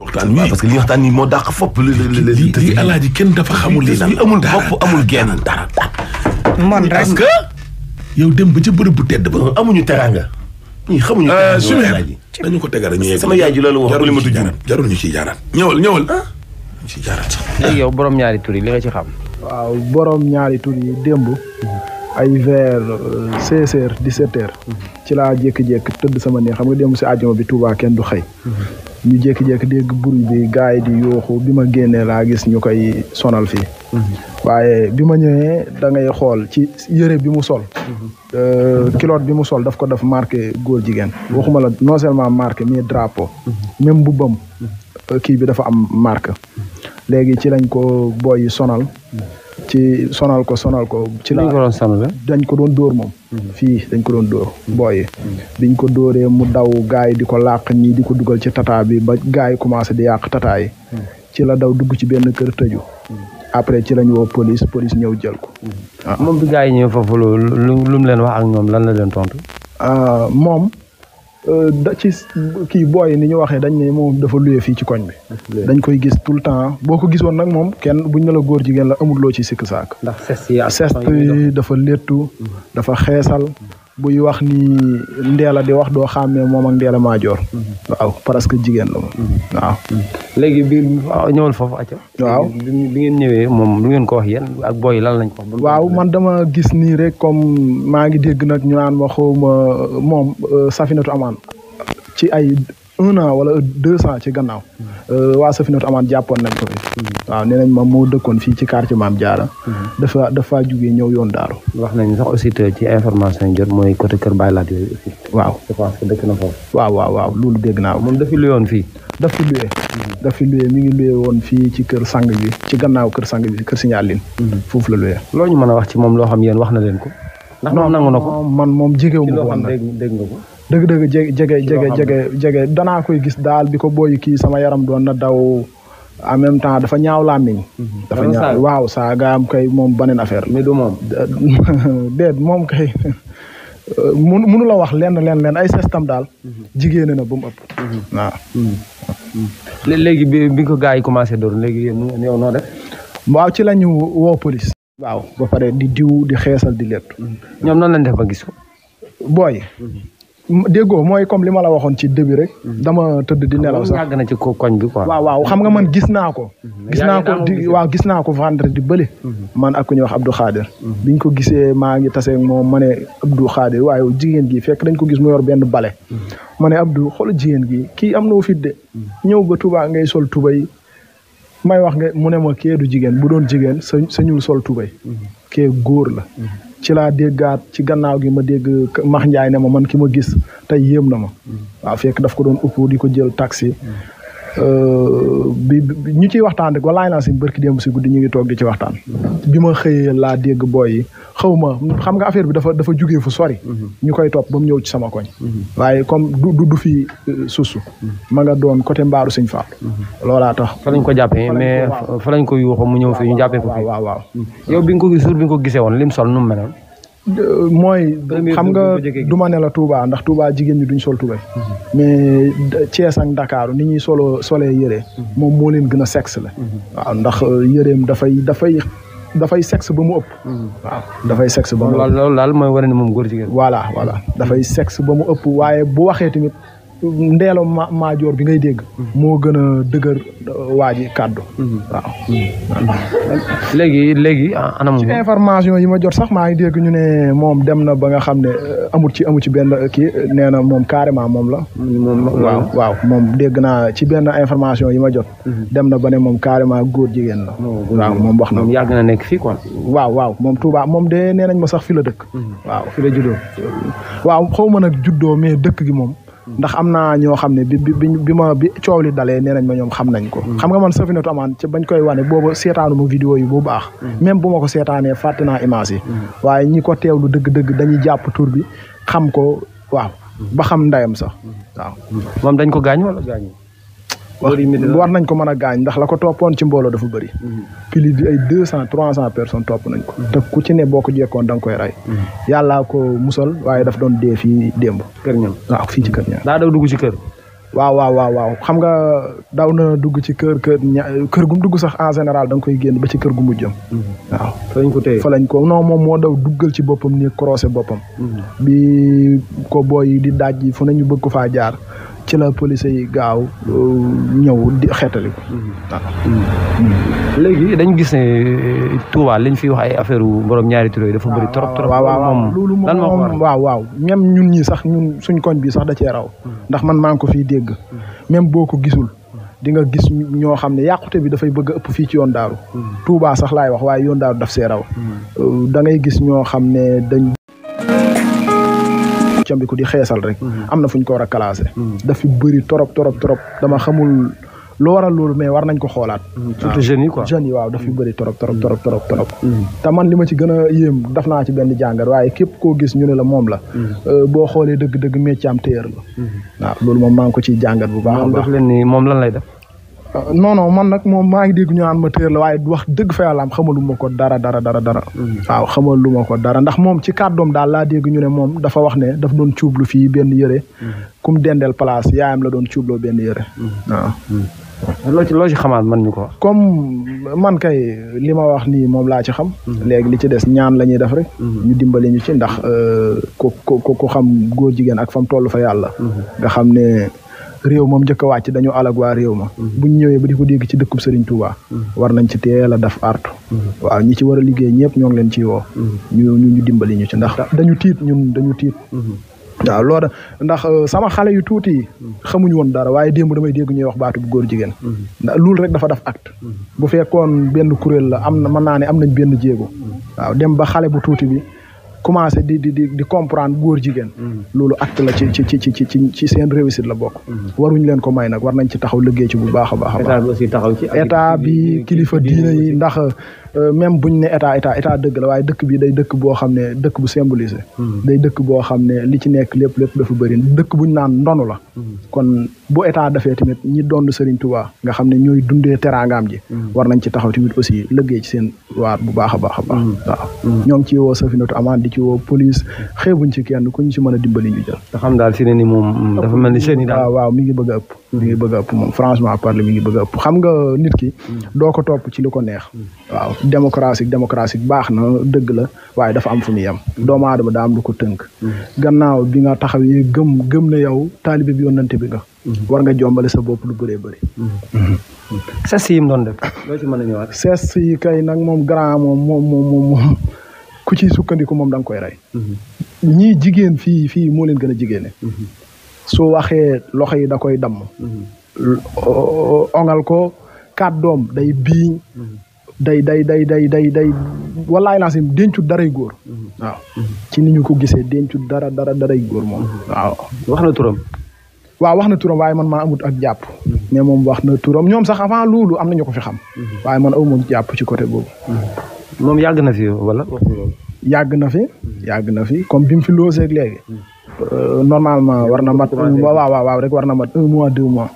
waxtaan wi parce que li waxtaan wi moo dàq fopp. li li li li li alaaji kenn dafa xamul li amul bopp amul genn dara dara. man rek parce que. yow dem ba ca bërëb bu tedd ba. amuñu teraanga. ñii xamuñu euh, teraanga su dañu ko tegal ñu sama yaay ji loolu wax jarul li ci jaaraat jarul ñu ci jaaraat. ñëwal ñëwal ah. ñu ci jaaraat sax. yow borom ñaari tur yi li nga ci xam. waaw borom ñaari tur yi démb. ay vers euh, seize heures dix ci laa jékki-jékki tëdd sama ne xam nga dem si àjjuma bi Touba kenn du xëy ñu jékki-jékki dégg bruit bi gars yi di yooxu bi ma génnee laa gis ñu koy sonal fii waaye bi ma ñëwee da ngay xool ci yére bi mu sol kilote euh, bi mu sol daf ko def marqué góor jigéen waxuma la non seulement marqué mais drapeau même mbubbam euh, kii bi dafa am marque léegi ci lañ ko booy sonal ci sonal ko sonal ko. ci la dañ ko doon dóor moom. Mm-hmm. fii dañ ko doon dóor mm-hmm. booy mm-hmm. biñ ko dóoree mu daw gaay di ko làq ñii di ko dugal ci tata bi ba gaay yi commencé di yàq tataay ci la daw dugg ci benn kër tëju. après ci lañu woo police police ñëw jël ko. Ah. moom bi gaay yi ñëw foofu lu lu leen wax ak ñoom lan la leen tontu. Ah, moom. Euh, da ci kii booy ni ñu waxee dañ ne moom dafa luye fii ci koñ bi. dañ koy gis tout le temps boo ko gisoon nag moom kenn buñ ne la góor jigéen la amul loo ci sikk saak. ndax sest yi dafa léttu mm. dafa xeesal. Mm. buy wax ni Ndella di wax doo xàmmee moom ak Ndella Madior mhm. waaw parce que jigéen la moom mhm. waaw mhm. léegi bi ñëwal foofu acca waaw bi ngeen ñëwee moom lu ngeen ko wax yen ak boy lan lañ ko wax waaw man dama gis nii rek comme maa ngi dégg nag ñu naan ma moom euh, Safinatou Amane ci ay un an wala deux ans ci gannaaw euh, waa Safinatu Amaan jàppoon nañ ko fi waaw nee nañ ma moo dëkkoon fii ci quartier Maam Jaara dafa dafa jugee ñëw yoon daaru wax nañ sax aussi te ci information yi jot mooy côté Kër Baye Laat yooyu waaw je pense que dëkk na foofu waaw waaw loolu dégg naa moom dafa luyoon fii daf fi luye daf fi luye mi ngi luye woon fii ci kër sang bi ci gannaaw kër sang bi kër Signal Line mhm. foofu la luye loo ñu mën a wax ci moom loo xam yéen wax na leen ko ndax moom nangu na ko man moom jigéew ma ko woon dégg nga ko dëgg-dëgg jege jege jege jege danaa koy gis daal bi ko booy kii sama yaram doon na daw en même temps dafa ñaaw làmmiñ mhm. dafa ñaaw waaw saagaam kay moom beneen affaire mais du moom déet moom kay mun munu wax lenn lenn leen ay système daal mhm. jigéen na ba mu ëpp mhm. waaw léegi bi bi ko gars yi commencé door léegi yow noo def waaw ci lañu woo police waaw ba pare di diw di xeesal di let ñoom noonu lañ def ba gis booy déggoo mooy comme li ma la waxoon ci début rek. Mhm. dama tëdd di nelaw sax yàgg na ci koñ bi quoi. waaw xam nga man gis naa ko. Mhm. gis naa ko di waaw gis naa ko vendredi bële. Mhm. man ak ku ñuy wax Abdou Khader. biñ ko gisee maa ngi tase moom ma ne Abdou Khader waaye jigéen gi fekk dañ ko gis mu yor benn bale. ma ne Abdou xool jigéen gi kii am na wu fit de. ñëw ba Touba ngay sol Touba may wax nga mu ne ma kee du jigéen bu doon jigéen sa sañul sol tubéy kee góor la ci laa déggaat ci gannaaw gi ma dégg Max Ndiaye ne ma man ki ma gis tey yéem na ma waaw fekk daf ko doon upp di ko jël taxi Euh, bi bi ñu ciy waxtaan rek walaay naa si barki démb si guddi ñu ngi toog di ci waxtaan. bi ma xëyee laa dégg booy yi xaw ma xam nga affaire bi dafa dafa jugee fu sori. Mhm. ñu koy topp ba mu ñëw ci sama koñ. Mhm. waaye comme du du du fi euh, suusu. Mhm. ma nga doon côté mbaaru Sëñ Fall. loolaa tax fa lañ ko jàppee mais fa lañ ko yuuxoo mu ñëw fi ñu jàppee ko fi. waaw waaw yow bi nga ko jour bi nga ko gisee woon lim sol nu mu meloon. mooy xam nga du ma ne la Touba ndax Touba jigéen ñi duñ sol tubay mhm. mais Thiès ak Ndakaaru ni ñuy solo solee yére mhm. moom moo leen gën a sexe la mhm. waaw ndax euh, yëreem dafay dafay dafay sexe ba mu ëpp waaw dafay sexe ba mu ëpp daal mooy wane ne moom góor jigéen voilà voilà dafay sexe ba mu ëpp waaye bu waxee tamit ndeelo ma maajoor bi ngay dégg moo gën a dëgër euh, waa ji kàddu léegi léegi léegi ah, anam ci information yi ma jot sax maa ngi dégg ñu ne moom dem na ba nga xam ne euh, amul ci amul ci benn euh, kii nee na moom carrément moom la waaw moom dégg naa ci benn information yi ma jot mhm. dem na ba ne moom carrément góor jigéen la oh, waaw moom wax na yàgg na nekk fii quoi waaw waaw moom Touba moom de nee nañ ma sax fi la dëkk mhm. waaw fi la juddoo waaw xaw ma nag juddoo mais dëkk gi moom ndax am naa ñoo xam ne bi bi bi ma bi coow li dalee nee nañ ma ñoom xam nañ ko mm. xam nga man Safinatoul Amane ci bañ koy wane boobu seetaanu ma vidéo yi bu baax mm. même bu ma ko seetaanee fàtte naa image yi mm. waaye ñi ko teewlu dëgg-dëgg dañuy jàpp tur bi xam ko waaw ba xam ndayam sax waaw dañ ko gaañ wala gaañ war nañ ko mën a gaañ ndax la ko toppoon ci mbooloo dafa bëri mhm. plus di ay deux cent trois cent personne topp nañ ko mhm. te ku ci ne boo ko jekkoon da koy ray mhm. yàllaa ko musal waaye daf doon dee fii démb kër ñam waaw fii ci kër ñam daa dugg ci kër waaw waaw xam nga daw na dugg ci kër kër ña kër gum dugg sax en général da nga koy génn ba ci kër gu mujjam waaw fa lañ ko téye fa lañ ko non moom moo daw duggal ci boppam ni croisé boppam bi ko boy di daaj fo fu nañu bëgg ko faa jaar ci la police yi gaaw euh, ñëw di xeetali ko mhm. Mhm. léegi dañ gis ne euh, Touba liñ fi wax ay affaire borom ñaari tur yi dafa bëri trop trop waaw loolu moom waaw waaw même ñun ñi sax ñun suñ koñ bi sax da cee raw mhm. ndax man maa ngi ko fiy dégg même boo ko gisul di nga gis ñoo xam ne yàqute bi dafay bëgg ëpp fii ci yoon daaru Touba sax laay wax waaye yoon daaru daf see raw euh, da gis ñoo xam ne dañ càmbi ko di xeesal rek. Mhm. am na fu ñu ko war a classé. Mhm. daf bëri torop torop torop dama xamul lu waral war nañ ko xoolaat. Mhm. surtout jeunes yi quoi jeunes waaw daf fi bëri torop torop torop torop te man li ma ci gën a yéem daf naa ci benn jàngar waaye képp koo gis ñu ne la moom la. Euh, boo xoolee dëgg-dëgg métier am téer la. waaw loolu moom maa ngi ko ciy jàngat bu baax a baax. moom daf leen moom lan lay def. Euh, non man nag moom maa ngi dégg ñu naan ma téer la waaye wax dëgg fa yàlla xamaluma ko dara dara dara dara. Hmm. waaw xamaluma ko dara ndax moom ci kàddoom daal laa dégg ñu ne moom dafa wax ne daf doon cuublu fii benn yëre. Hmm. kum dendeel place yaayam la doon cuubloo benn yëre. Hmm. waaw. loo ci loo man ñu ko wax. comme man kay li ma wax nii moom laa ci xam. léegi li ci des ñaan la ñuy def rek. ñu dimbali ñu ci ndax euh, ko ko xam góor jigéen ak fam toll fa yàlla. nga xam ne. réew moom njëkk a wàcc dañu alag waa réew ma mhm. buñ ñëwee ba di ko dégg ci dëkkub Serigne Touba mhm. war nañ ci teel a def artu mhm. waaw ñu ci war a liggéey ñëpp ñoo ngi leen ciy woo ñu ñu dimbali ñu ci ndax dañu tiit ñun dañu tiit waaw loola ndax euh, sama xale yu tuuti yi xamuñu woon dara waaye démb damay dégg ñuy wax baatu bu góor jigéen ndax loolu rek dafa def acte bu fekkoon benn kuréel la am na mën naa ne am nañ benn jéego waaw dem ba xale bu tuuti bi commencé di di di comprendre góor jigéen mm-hmm. loolu acte la ci ci ci ci ci ci seen réussite la bokk mm-hmm. waruñ leen ko may nag war nañ ci taxaw liggéey ci bu baax a baax a baax état bi kilifa diine yi ndax Euh, même buñ ne état état état dëgg la waaye dëkk bi day dëkk boo xam ne dëkk bu symbolisé hmm. day dëkk boo xam ne li ci nekk lépp lépp dafa bëri dëkk buñ naan ndonu la hmm. kon bu état dafee tamit ñi donn Serigne Touba nga xam ne ñooy dundee teraangaam ji hmm. war nañ ci taxaw tamit aussi lëggee ci seen waar bu baax a baax a baax waaw ñoo ngi ci woo Safinatu Amaan di ci woo police xeebuñ ci kenn ku ñu ci mën a dimbali ñu jël te xam daal si ne ni moom dafa mel ni seen i daal waaw mi ngi bëgg ëpp mi ngi bëgg a ëpp moom franchement parler mi ngi bëgg a ëpp xam nga nit ki hmm. doo ko topp ci lu ko neex hmm. waaw démocratique démocratique baax na dëgg la waaye dafa am fu mu yem hmm. doomu aadama daa am lu ko tënk gannaaw bi nga taxawee gëm gëm na yow taalibe bi yónnante bi nga war nga jombale sa bopp lu bëree bëri ses yi doon def loo ci mën a ñëwaat ses yi kay nag moom grand moom moom moom ku ci sukkandiku moom da nga koy rey ñii jigéen fii fii moo leen gën a jigéene su waxee loxo yi da koy damm ongal ko kàddoom day biiñ day day day day day day wallaay naa sim dencut daray góor waaw ci ni ñu ko gisee dencut dara dara daray góor moom waaw wax na turam waaw wax na turam waaye man maa amut ak jàpp mais moom wax na turam ñoom sax avant loolu am na ñu ko fi xam waaye man aw moom jàpp ci côté boobu moom yàgg na fi wala yàgg na fi yàgg na fi comme bi mu fi loosee léegi Euh, normalement war na mat waaw waaw waaw rek war na mat un mois deux mois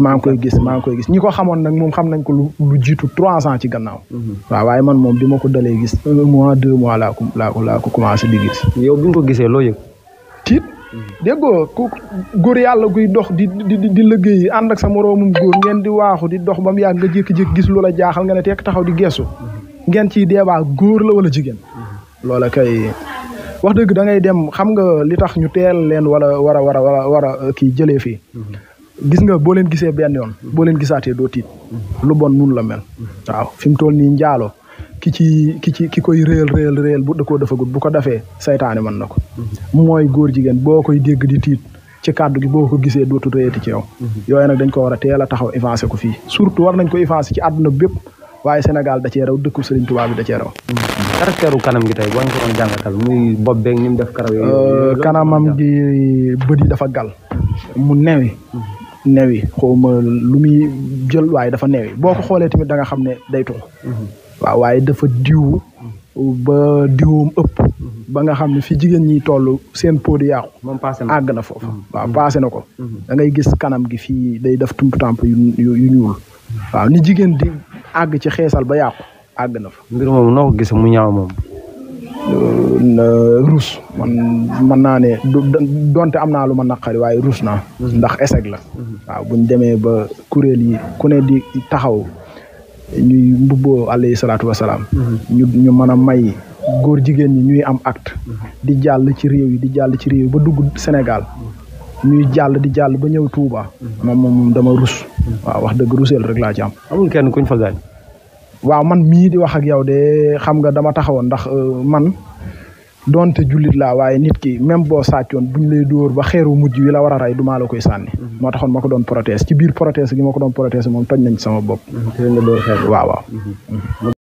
maa ngi koy gis maa ngi koy gis ñi ko xamoon nag moom xam nañ ko lu lu jiitu trois ans ci gannaaw mhm. waaw waaye man moom bi ma ko dalee gis un mois deux mois laa ko laa commencé di gis yow bi ko gisee loo yëg tiit déggoo ku góor yàlla guy dox di di di liggéey ànd ak sa moroomum góor ngeen di waaxu di dox ba mu nga jékki-jékki gis lu la jaaxal nga ne tekk taxaw di geesu ngeen ciy deebaa góor la wala jigéen mhm. loola kay wax dëgg da ngay dem xam nga li tax ñu teel leen wala war a war a war a war a uh, kii jëlee fii mhm. gis nga boo leen gisee benn yoon mhm. boo leen gisaatee doo tiit mhm. lu bon nun la mel waaw fi mu toll nii njaaloo ki ci ki ci ki koy réel réel réel bu da koo defagul bu ko defee saytaane mën na ko mooy góor jigeen boo koy dégg di tiit ci kàddu gi boo ko gisee dootul réyati ci yow yooyu nag dañ ko war a teel a taxaw effacé ko fii surtout war nañ ko effacé ci àdduna bépp waye senegal da ci raw dëkku Serigne Touba bi da ci raw. caractère kanam gi tay boo ko doon jangatal muy bobbe ak nim def karaw yooyu. Euh, kanamam gi beudi da dafa gal mu newi newi xawma lu muy jël waaye dafa newi boko ko tamit da nga xamne ne day tux waaw waaye dafa diw ba diwum upp ba nga xamne fi jigen ñi toll seen pot di mom passé na fofu wa passé na ko mm-hmm. mm-hmm. da ngay gis kanam gi fi day def tump tamp yu ñuul wa ni jigen di àgg ci xeesal ba yàqu àgg na fa. mbir moom noo gis mu ñaaw moom. Euh, ruus man mën naa ne donte am naa lu ma naqari waaye ruus naa. Mhm. ndax échec la. Mhm. waaw buñ demee ba kuréel yi ku ne di taxaw ñuy mbubboo alayhi salaatu wasalaam. Mhm. ñu ñu mën a may góor jigéen ñi ñuy am acte. di jàll ci réew yi di jàll ci réew ba dugg senegal ñuy jall di jall ba ñew Touba mom mom dama rus wa wax deug rusel rek la ci am amul kenn kuñ fa gañ wa man mi di wax ak yow de xam nga dama taxaw ndax euh, man donte julit la waye nit ki même bo sàccoon buñ lay door ba xéru mujj wi la wara ray duma la koy sanni mo mhm. taxoon mako don protest ci bir protest gi mako don protest mom tañ nañ sama bop mhm,